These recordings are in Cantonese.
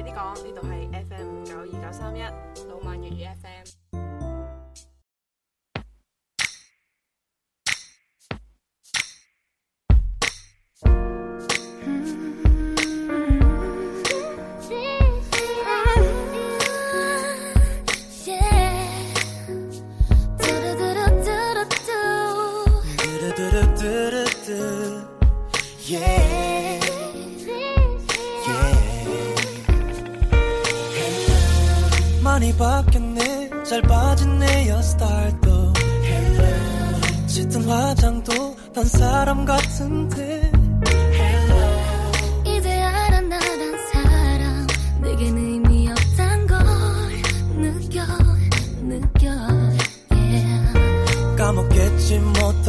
快啲講，呢度係。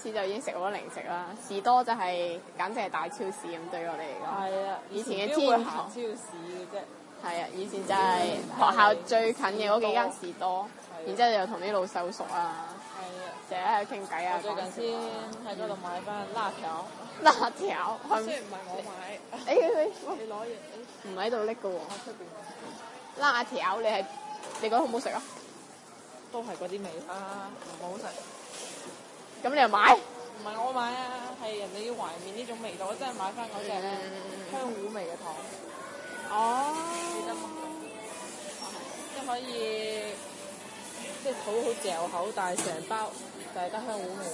次就已經食好多零食啦，士多就係簡直係大超市咁對我哋嚟講。係啊，以前嘅天下超市嘅啫。係啊，以前就係學校最近嘅嗰幾間士多，然之後又同啲老手熟啊，係啊，成日喺度傾偈啊。我最近先喺度買翻辣條。辣條，雖然唔係我買。誒、 哎，你攞嘢？唔喺度拎搦出喎。辣條，你係你覺得好唔好食啊？都係嗰啲味啦，唔好食。咁你又買？唔係我買啊，係人哋要懷念呢種味道，我真係買翻嗰隻香芋味嘅糖。哦，得，即係可以，即係好好嚼口，但係成包都係得香芋味。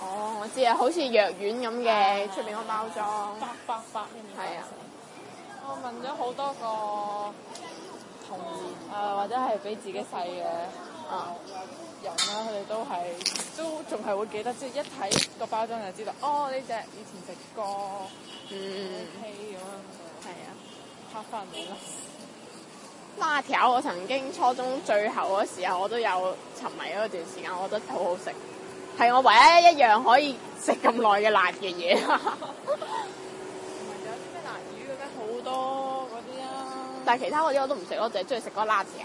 哦，我知啊，好似藥丸咁嘅出面個包裝？白，白白白，係的啊！我問咗好多個童年啊，或者係俾自己細嘅。哦啊、人有、啊、啦，佢哋都係都仲係會記得，即係一睇個包裝就知道哦。呢隻以前食過，嗯，咁樣係啊，拍翻嚟啦。辣條，我曾經初中最後嗰時候，我都有沉迷嗰段時間，我覺得好好食，係我唯一一樣可以食咁耐嘅辣嘅嘢。同 埋有啲咩辣魚嘅咩？好多嗰啲啊！但係其他嗰啲我都唔食咯，就係中意食嗰個辣條。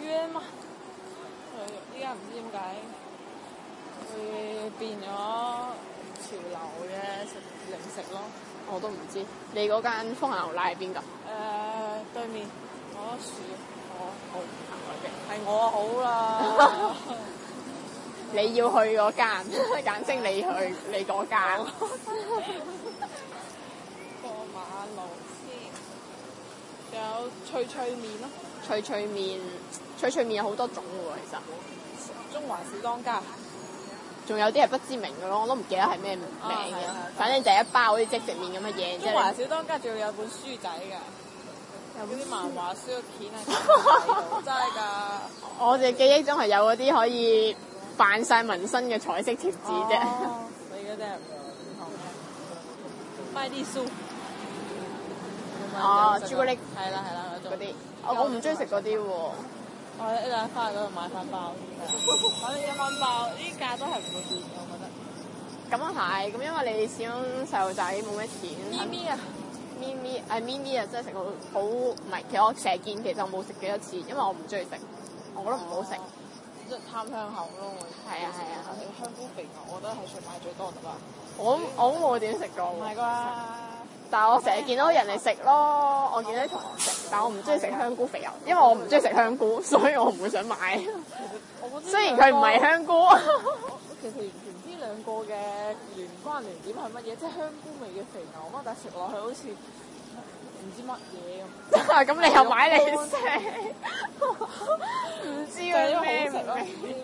Yeah. 依家唔知點解會變咗潮流嘅食零食咯，我都唔知。你嗰間風行牛奶係邊個？誒，uh, 對面，我、那、樹、個，我好行左邊，係 Okay. 我好啦。你要去嗰間，簡稱你去，你嗰間。 過馬路先，仲有脆脆麵咯，脆脆麵。脆脆麵有好多種喎，其實。中華小當家。仲有啲係不知名嘅咯，我都唔記得係咩名嘅，哦、反正就係一包好似即食麵咁嘅嘢啫。中華小當家仲要有，有本書仔㗎，有啲漫畫書嘅片啊， 真係㗎。我哋記憶中係有嗰啲可以扮晒紋身嘅彩色貼紙啫。你而家真係唔買啲書。哦，朱古力係啦係啦嗰啲，些些我唔中意食嗰啲喎。我一陣翻去嗰度買漢包，我啲漢包呢價都係唔會變，我覺得。咁啊係，咁因為你始終細路仔冇咩錢。咪咪啊！咪咪，誒咪咪啊！真係食過好，唔係，其實我成日見，其實我冇食幾多次，因為我唔中意食，我覺得唔好食，即係貪香口咯。係啊係啊！香菇肥牛，我覺得係算買最多啦。我我冇點食過喎。唔係啩？但係我成日見到人哋食咯，我見啲同學食。但係我唔中意食香菇肥牛，因為我唔中意食香菇，所以我唔會想買。雖然佢唔係香菇。其實完全唔知兩個嘅聯關聯點係乜嘢？即係香菇味嘅肥牛嗎？但係食落去好似唔知乜嘢咁。咁你又買嚟食？唔知佢咩味？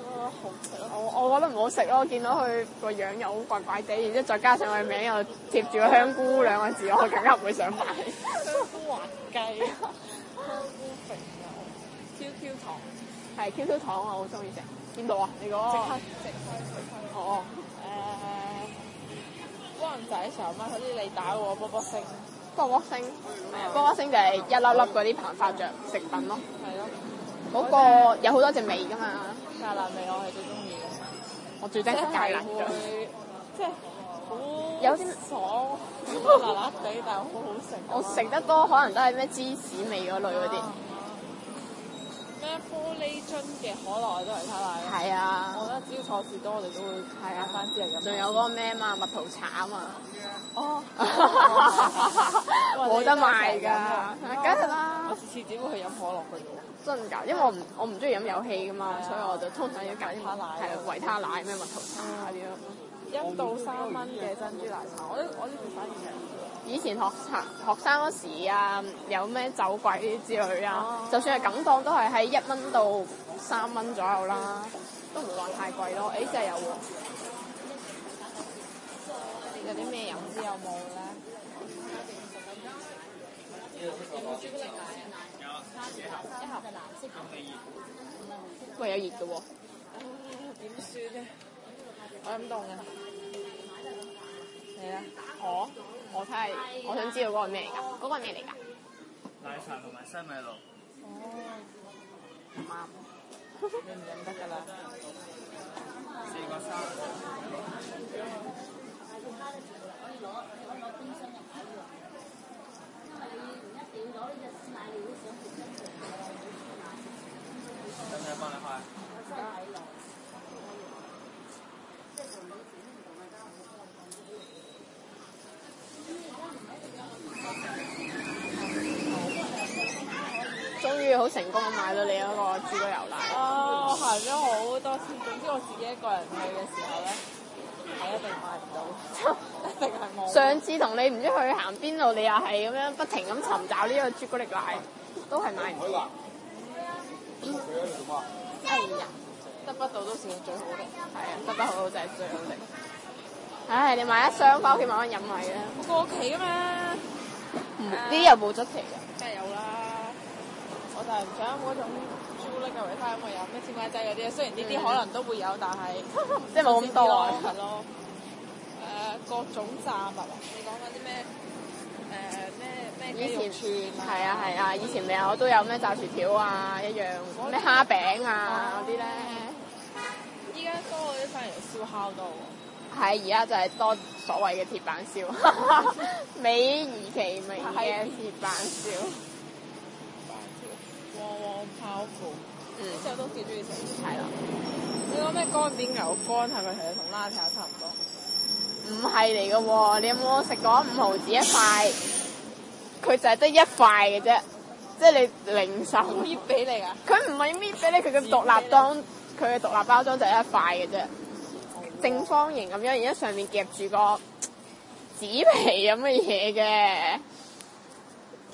我我覺得唔好食咯，見到佢個樣又好怪怪地，然之後再加上佢名又貼住個香菇兩個字，我更加唔會想買。糖係 QQ 糖，我好中意食。邊度啊？你講果。即刻、嗯！即刻、 呃！即刻！哦，誒，豌仔上啊，嗰啲你打喎，波波星，波波星，嗯嗯、波波星就係一粒粒嗰啲膨化著食品咯、啊。係咯、嗯，嗰、嗯、個有好多隻味噶嘛。芥辣味我係最中意。我最中意芥辣味。即係好有啲爽，辣辣地，但係好好食。 我食得多可能都係咩芝士味嗰類嗰啲。啊咩玻璃樽嘅可樂都維他奶咯。係啊，我覺得只要錯事多，我哋都會係啊，翻啲嚟飲。仲有嗰個咩啊嘛，蜜桃茶啊嘛。哦，冇得賣㗎，梗係啦。我次次只會去飲可樂嘅真㗎，因為我唔我唔中意飲有氣㗎嘛，所以我就通常要揀啲維他奶，係啊，維他奶咩蜜桃茶啊啲咁。一到三蚊嘅珍珠奶茶，我我呢邊反而。以前學生學生嗰時啊，有咩酒鬼之類啊，哦、就算係咁當都係喺一蚊到三蚊左右啦，都唔會話太貴咯。誒、欸，真係有，有啲咩飲知有冇咧？一盒，佢有熱嘅喎，啊。我飲凍嘅。哦，我睇係，我想知道嗰、那個咩嚟㗎？嗰個咩嚟㗎？奶茶同埋西米露。哦，咁啊，應唔應得㗎啦？四個三。今日幫你開。好成功咁買到你嗰個朱古力牛奶啊！我行咗好多次，總之我自己一個人去嘅時候咧，係一定買唔到，一定係冇。上次同你唔知去行邊度，你又係咁樣不停咁尋找呢個朱古力奶，都係買唔到。係啊，得不到都算係最好嘅，係啊，得不到就係最好食。唉，你買一箱翻屋企慢慢飲咪啦，過期啊嘛，呢又冇質期嘅。就係唔想嗰種朱古力嘅維他咁有咩芝麻汁嗰啲，雖然呢啲可能都會有，但係 即係冇咁多係咯。誒， 各種炸物 啊，你講嗰啲咩？誒咩咩？以前係啊係啊，以前未有都有咩炸薯條啊，一樣咩蝦餅啊嗰啲咧。依家、哦、多嗰啲反嚟燒烤多喎。係而家就係多所謂嘅鐵板燒， 美而其名啊，鐵板燒。 泡芙，呢時候都幾中意食。係啦，你講咩乾煸牛肝啊？佢係咪同拉條差唔多？唔係嚟噶喎！你有冇食過五毫子一塊？佢就係得一塊嘅啫，即係你零售搣俾你啊？佢唔係搣俾你，佢嘅獨立裝，佢嘅獨立包裝就係一塊嘅啫，嗯、正方形咁樣，而家上面夾住個紙皮咁嘅嘢嘅。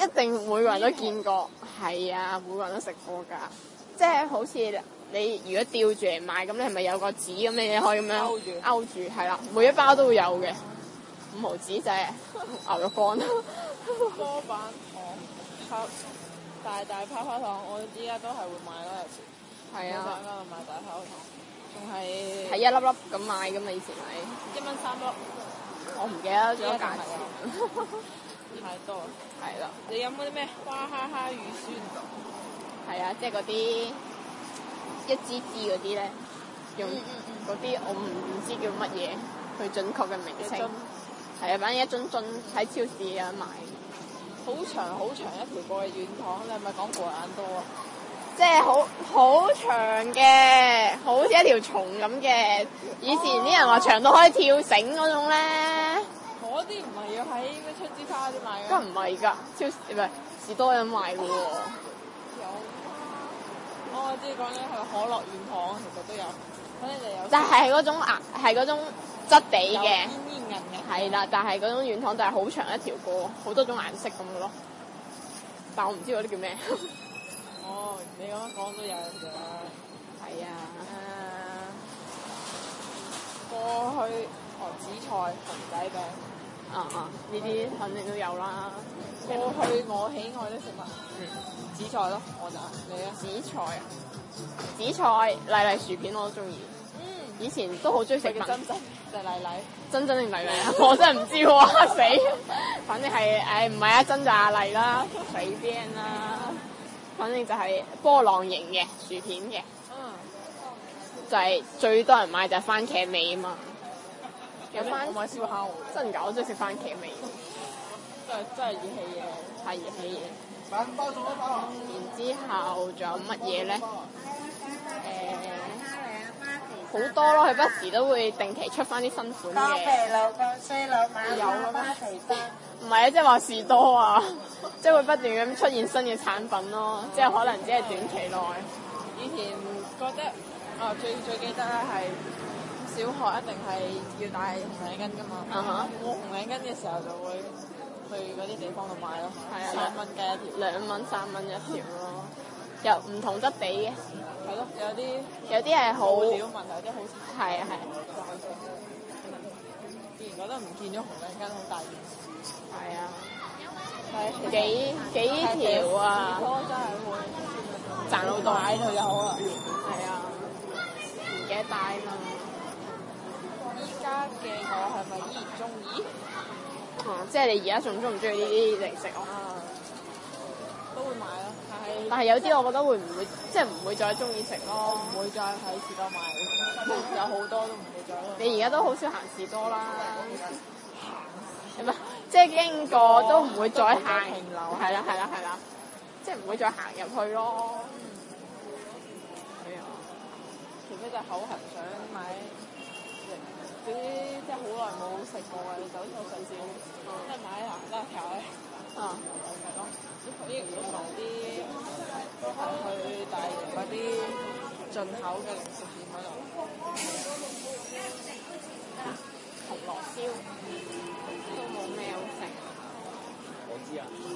一定每個人都見過，係啊，每個人都食過㗎。即係好似你如果吊住嚟買，咁你係咪有個紙咁你可以咁樣勾住？係啦，每一包都會有嘅，五毫紙啫。牛肉乾。波板糖，大大泡泡糖，我依家都係會買嗰陣時。係啊。喺嗰度買大泡泡糖，仲係。係一粒粒咁買，咁以前係。一蚊三粒。我唔記得咗價錢。太多，係啦了。你有冇啲咩哇哈哈乳酸糖的？係啊，即係嗰啲一支支嗰啲咧，用嗰啲我唔唔知叫乜嘢，佢準確嘅名稱，係瓶啊，反正一樽樽喺超市有得賣是是，好長好長一條過去軟糖，你係咪講果粒多啊？即係好好長嘅，好似一條蟲咁嘅，以前啲人話長到可以跳繩嗰種咧。嗰啲唔係要喺出資卡啲買嘅？梗唔係㗎，超市唔係士多有賣嘅喎。有啊、哦，我知講咗係可樂軟糖，其實都有，反正就有。但係嗰種顏係嗰種質地嘅，有煙煙韌嘅。係啦，但係嗰種軟糖就係好長一條個，好多種顏色咁嘅咯。但我唔知嗰啲叫咩。 哦，你咁講都有嘅。係的啊。過去哦，紫菜雲仔餅。啊啊！呢啲肯定都有啦。過去我喜愛的食物，嗯，紫菜咯，我就你啊，紫菜，紫菜麗麗薯片我都中意。嗯，以前都好中意食。嘅珍珍就係麗麗，珍珍定麗麗？珍珍定麗麗啊？我真係唔知喎，死！ 反正係誒唔係啊，珍就阿麗啦，死邊啦！反正就係波浪形嘅薯片嘅，嗯，就係最多人買就係番茄味啊嘛。有番茄燒烤，有有，真係我好中意食番茄味。 真係真係熱氣嘢，太熱氣嘢。快啲包咗包。然之後仲有乜嘢咧？誒、嗯，好多咯，佢、嗯、不時都會定期出翻啲新款嘅。有啦。有啦。唔係啊，即係話士多啊，即 係會不斷咁出現新嘅產品咯，即、就、係、是、可能只係短期內、嗯。以前覺得，啊、哦、最最記得咧係。小學一定係要帶紅領巾噶嘛，冇紅領巾嘅時候就會去嗰啲地方度買咯，係啊，兩蚊嘅一條，兩蚊三蚊一條咯，又唔同質地嘅，係咯，有啲有啲係好少問題，有啲好係啊係，突然覺得唔見咗紅領巾好大件事，係啊，係幾幾條啊，賺到袋度就好啦，係啊，唔記得帶啊！嘅我係咪依然中意？啊，即係你而家仲中唔中意呢啲零食啊？都會買咯，但係但係有啲我覺得會唔會即係唔會再中意食咯，唔會再喺士多買，有好多都唔會再。你而家都好少行士多啦，行啊？唔係，即係經過都唔會再行停留，係啦係啦係啦，即係唔會再行入去咯。嗯，除非就口痕想買。啲即係好耐冇食過嘅，走出細店，即係、嗯、買啲嗱，得下嘅，零食咯，啲同埋啲去大型嗰啲進口嘅零食店嗰度，紅螺燒。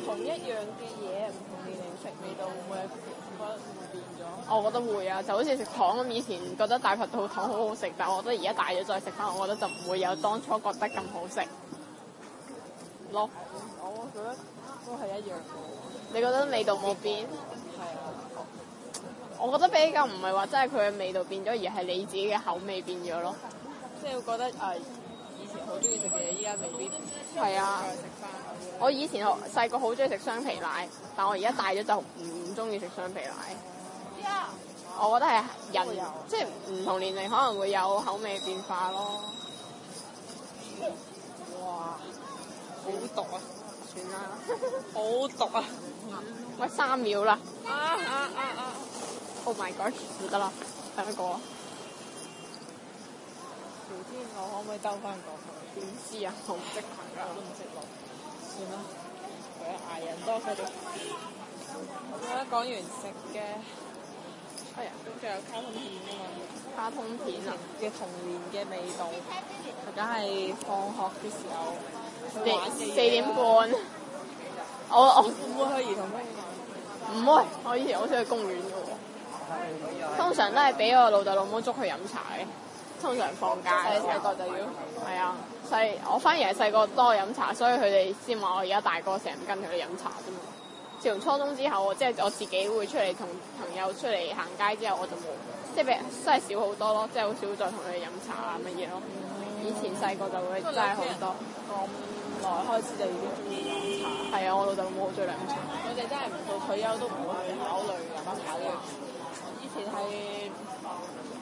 同一樣嘅嘢，唔同嘅零食味道會唔會覺得會變咗？我覺得會啊，就好似食糖咁，以前覺得大白兔糖好好食，但係我覺得而家大咗再食翻，我覺得就唔會有當初覺得咁好食咯。我覺得都係一樣。你覺得味道冇變？係啊的。我覺得比較唔係話真係佢嘅味道變咗，而係你自己嘅口味變咗咯。即係會覺得誒。哎以前好中意食嘅嘢，依家未必。係啊，我以前學細個好中意食雙皮奶，但我而家大咗就唔中意食雙皮奶。Yeah. 我覺得係人，有即係唔同年齡可能會有口味變化咯。 哇，好毒啊！算啦，好毒啊！喂， 三秒啦！啊啊啊啊！Oh my God，唔得啦！三個。我可唔可以兜翻過去？點知啊，好識朋友，我都唔識路。算啦，佢又捱人多，佢就。好啦，講完食嘅，哎呀，都仲有卡通片啊嘛。卡通片啊，嘅童年嘅味道，梗係放學嘅時候。四四點半、啊。我我去兒童公園玩。唔會，我以前好中意去公園嘅喎。通常都係俾我老豆老母捉去飲茶嘅，通常放假細個就要，係啊，細我反而係細個多飲茶，所以佢哋先話我而家大個成日跟佢哋飲茶啫嘛。自從初中之後，即係我自己會出嚟同朋友出嚟行街之後，我就冇即係真係少好多咯，即係好少，少再同佢哋飲茶啊乜嘢咯。就是嗯、以前細個就會真係好多，咁耐開始就已經中意飲茶。係啊，我老豆冇好中意飲茶。佢哋真係到退休都唔會考慮飲茶嘅。嗯、以，以前係。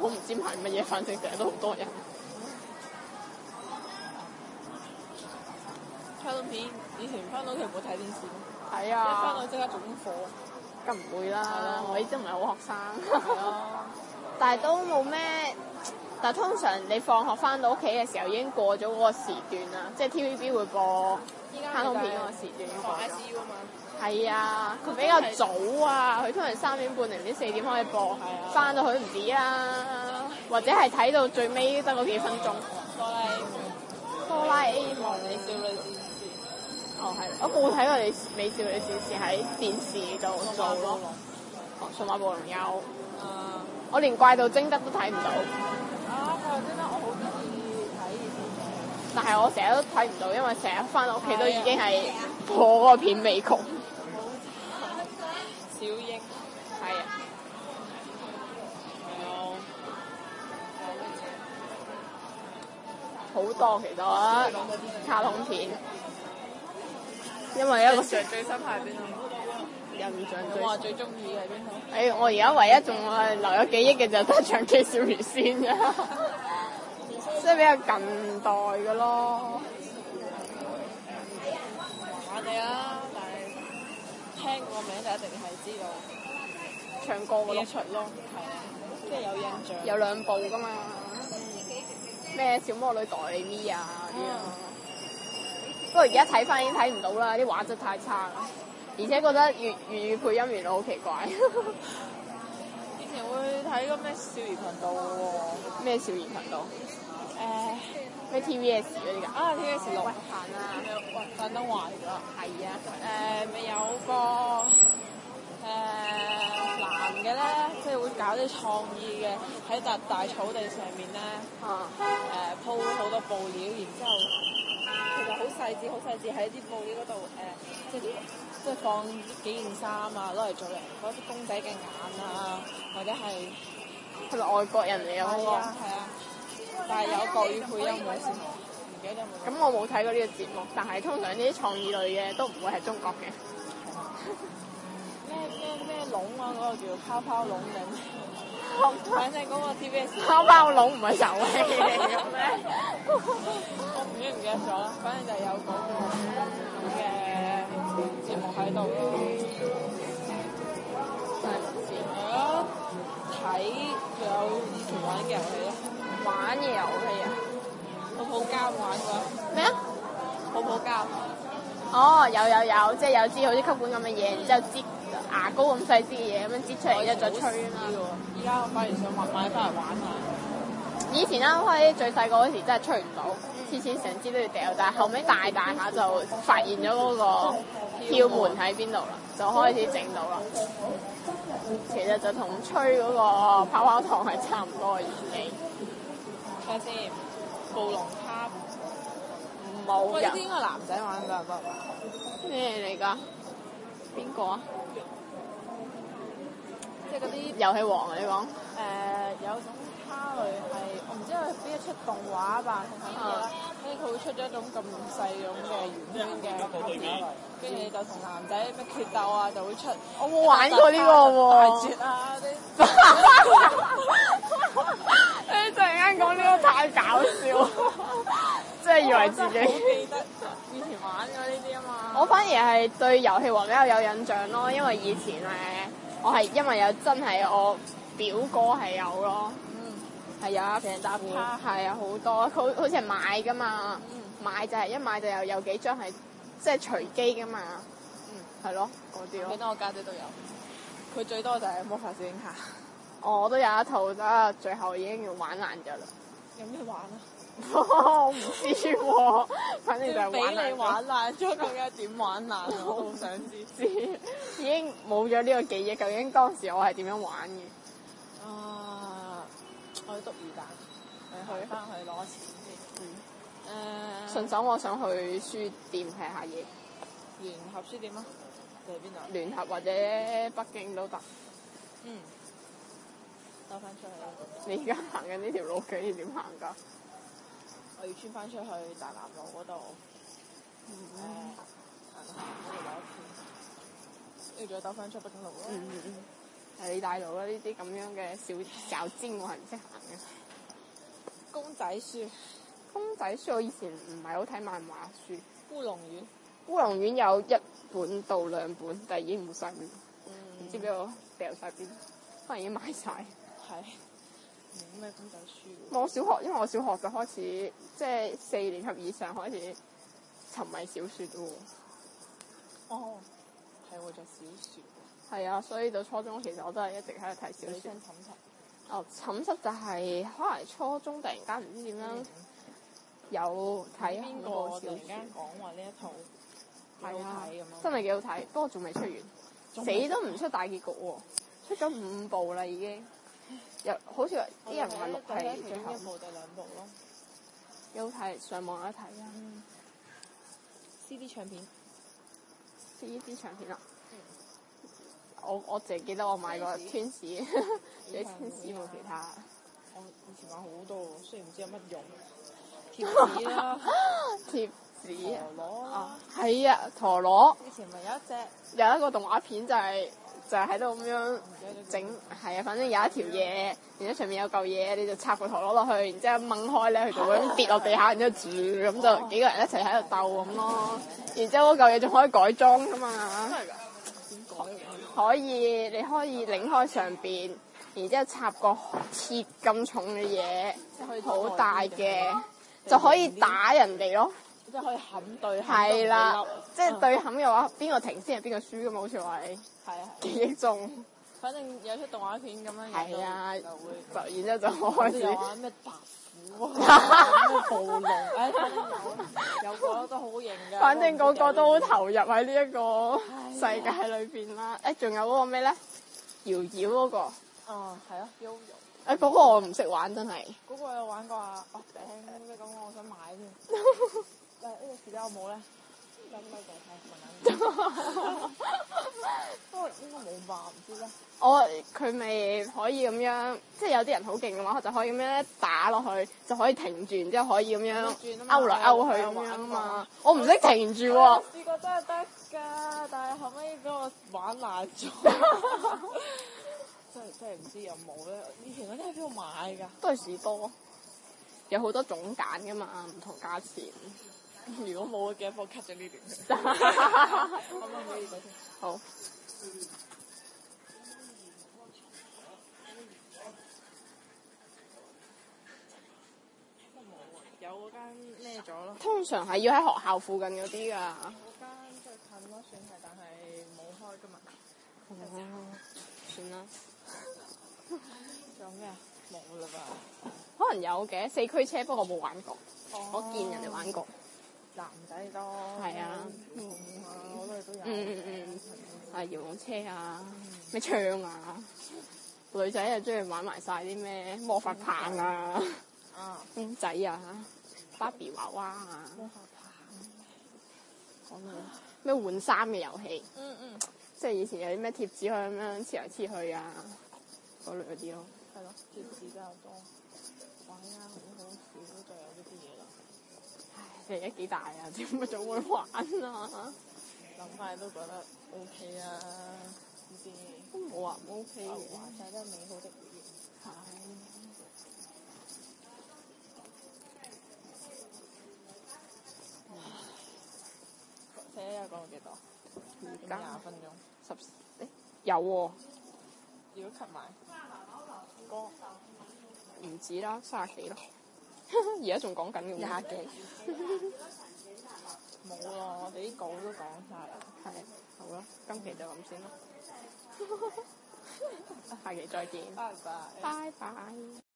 我唔知係乜嘢，反正成日都好多人。卡通、嗯、 片以前翻到屋企，冇睇電視，係啊，一翻到即刻做功課。咁唔會啦，了我已經唔係好學生，但係都冇咩。但係通常你放學翻到屋企嘅時候已經過咗嗰個時段啦，即係 TVB 會播卡通片嗰個時段時。係啊，佢比較早啊，佢通常三點半定唔知四點開始播，翻到去唔止啊，或者係睇到最尾得嗰幾分鐘。哆啦 A 夢，哆啦 A 夢、美少女戰士。哦，係，我冇睇過《你美少女戰士》喺電視度做咯。哦，數碼暴龍有。我連怪盜貞德都睇唔到。Uh, 啊，怪盜貞德我好中意睇，但係我成日都睇唔到，因為成日翻到屋企都已經係播嗰個片尾曲。小英，係啊，好多其他卡通片，因為一個最最新係邊個？印象最我最中意係邊度？我而家唯一仲留有記憶嘅就係《長腿小魚仙》啊，即 係比較近代嘅咯。呢度唱歌嗰出咯，係啊，即係有印象。有兩部噶嘛，咩小魔女代黛咪啊啲。不過而家睇翻已經睇唔到啦，啲畫質太差啦，而且覺得粵粵語配音原來好奇怪。以前會睇個咩少兒頻道喎？咩少兒頻道？誒，咩 TVS 嗰啲㗎？啊，TVS 六級啊，等得壞咗。係啊，誒，咪有個。搞啲創意嘅喺笪大草地上面咧，誒、啊呃、鋪好多布料，然之後其實好細緻，好細緻喺啲布料嗰度誒，即係即係放幾件衫啊，攞嚟做人攞啲公仔嘅眼啊，或者係咪外國人嚟嘅喎，係啊係啊，啊，但係有國語配音喎，唔記得咗有冇。咁我冇睇過呢個節目，但係通常呢啲創意類嘅都唔會係中國嘅。 龍啊，嗰個叫泡泡龍定，反正嗰個 TVB。泡泡龍唔係手。唔知唔記得咗啦，反正就係有嗰個咁嘅節目喺度。係啊，睇仲有以前玩嘅遊戲咯。玩嘅遊戲啊？泡泡膠玩過咩啊？泡泡膠。哦，有有有，即係有支好似吸管咁嘅嘢，然之後接。牙膏咁細啲嘅嘢咁樣擠出嚟，一再吹嘛，依家我反而想慢慢翻嚟玩下。以前啱、啊、開最細個嗰時真係吹唔到，次次成支都要掉。但係後尾大大下就發現咗嗰個竅門喺邊度啦，就開始整到啦。 其實就同吹嗰個泡泡糖係差唔多嘅原理。睇下先，暴龍卡冇人。呢啲應該男仔玩噶，咩嚟㗎？邊個啊？即係啲遊戲王啊！你講誒、呃、有種卡類係我唔知係邊一出動畫吧，所以佢會出咗一種咁細咁嘅圓圈嘅，跟住就同男仔咩決鬥啊，就會出。嗯、我冇玩過呢個喎、啊。大 你突然間講呢個太搞笑，即 係以為自己記得以前玩過呢啲啊嘛。我反而係對遊戲王比較有印象咯，嗯、因為以前咧。我係因為有真係我表哥係有咯，係、嗯、有一餅打卡。係啊會，好多佢好似係買噶嘛，嗯、買就係、是、一買就有有幾張係即係隨機噶嘛，係咯嗰啲咯。幾多我家姐都有，佢最多就係魔法閃卡。我都有一套得最後已經要玩爛咗啦。有咩玩啊？ 我唔知喎， 反正就係玩俾你玩爛咗，究竟點玩爛？ 我好想知知， 已經冇咗呢個記憶，究竟當時我係點樣玩嘅？啊，去捉魚蛋，去翻去攞錢先。嗯。誒。順手我想去書店睇下嘢。聯合書店啊？喺邊度？聯合或者北京都得。嗯。兜翻出去啦。你而家行緊呢條路，究竟點行噶？穿翻出去大南路嗰度，誒，行咗嚟一圈，跟住再兜翻出北京路咯。嗯嗯嗯，你、嗯、帶路啦，呢啲咁樣嘅小小尖唉我係唔識行嘅。公仔書，公仔書我以前唔係好睇漫畫書。烏龍院，烏龍院有一本到兩本，但、就、係、是、已經唔會晒。唔、嗯、知邊個掉晒邊，可能已經賣晒。係。 咩公仔書？我小學，因為我小學就開始，即係四年級以上開始沉迷小説喎。哦，係喎，就小説。係啊，所以到初中其實我都係一直喺度睇小説。女生寢室。哦，寢室就係可能初中突然間唔知點樣有睇邊個？嗯、突然間講話呢一套。係啊！係咁樣，真係幾好睇，不過仲未出完，出完死都唔出大結局喎，啊，出咗五部啦已經。有好似啲人買六係，看一部定兩部咯。有睇上網有得睇。C D 唱片，C D 唱片啊！嗯、我我淨係記得我買過天使，只天使冇其他。我以前買好多，雖然唔知有乜用。貼紙啊！貼紙 紙。陀螺啊！係 紙啊,啊！陀螺。以前咪有一隻。有一個動畫片就係、是。就係喺度咁樣整，係啊，反正有一條嘢，然之後上面有嚿嘢，你就插個陀螺落去，然之後掹開咧，佢就咁跌落地下，然之後煮，咁就幾個人一齊喺度鬥咁咯。然之後嗰嚿嘢仲可以改裝噶嘛？係噶？可以，你可以擰開上邊，然之後插個鐵咁重嘅嘢，好大嘅，就可以打人哋咯。即係可以撼對，係啦，即係對撼嘅話，邊個停先係邊個輸噶嘛？好似話。係啊，記憶中，反正有出動畫片咁樣，就會就然之後就開始。玩咩白虎啊，咩暴龍，有嗰個都好型噶。反正個個都投入喺呢一個世界裏邊啦。誒，仲有嗰個咩咧？遙遙嗰個。哦，係啊，遙遙。誒，嗰個我唔識玩，真係。嗰個有玩過啊，哦頂，即係我想買添。但係呢個時間有冇咧？真哈哈 哎這個、不都應該冇吧？唔知咧。我佢咪可以咁樣，即、就、係、是、有啲人好勁嘅話，就可以咁樣打落去，就可以停住，然之後可以咁樣。轉啊勾來勾去啊嘛。我唔識停住喎、啊。哎、試過真係得㗎，但係後屘俾我玩爛咗。 真係真係唔知有冇咧？以前嗰啲喺邊度買㗎？都係士多，有好多種揀㗎嘛，唔同價錢。 如果冇嘅，幫我 cut 咗呢段。好。有嗰間咩咗咯。通常係要喺學校附近嗰啲㗎，嗰間最近咯，算係，但係冇開噶嘛。哦， 啊、算啦。仲有咩？冇啦吧？可能有嘅四驅車，不過我冇玩過。哦、我見人哋玩過。男仔多，係啊，好多嘢都有，嗯嗯嗯，啊，搖搖車啊，咩槍啊，女仔又中意玩埋晒啲咩魔法棒啊，公仔啊，芭比娃娃啊，魔法棒，講咩？咩換衫嘅遊戲，嗯嗯，即係以前有啲咩貼紙可以咁樣貼嚟貼去啊，嗰類嗰啲咯，係咯，貼紙比較多，玩啊。而家幾大啊？點解仲會玩啊？諗翻都覺得 OK 啊！唔知都冇話唔 OK 嘅、啊，睇得美好的回憶。睇唉。睇下又講到幾多？廿在分鐘，十、欸？有喎、啊。如果夾埋，唔止啦，卅幾咯。而家仲講緊咁，廿幾 冇啦、啊，我哋啲稿都講晒啦，係、啊，好啦，今期就咁先啦， 下期再見，拜拜，拜拜。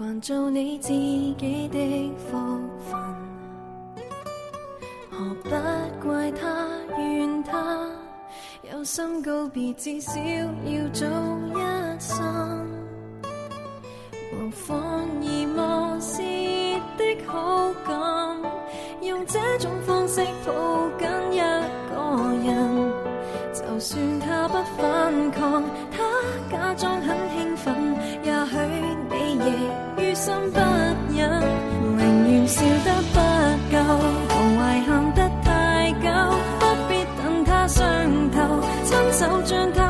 還做你自己的福分，何不怪他怨他？有心告別，至少要早一生無妨而漠視的好感，用這種方式抱緊一個人，就算他不反抗，他假裝很興奮，也許你亦。心不忍，寧願笑得不夠，無謂喊得太久，不必等他傷透，親手將他。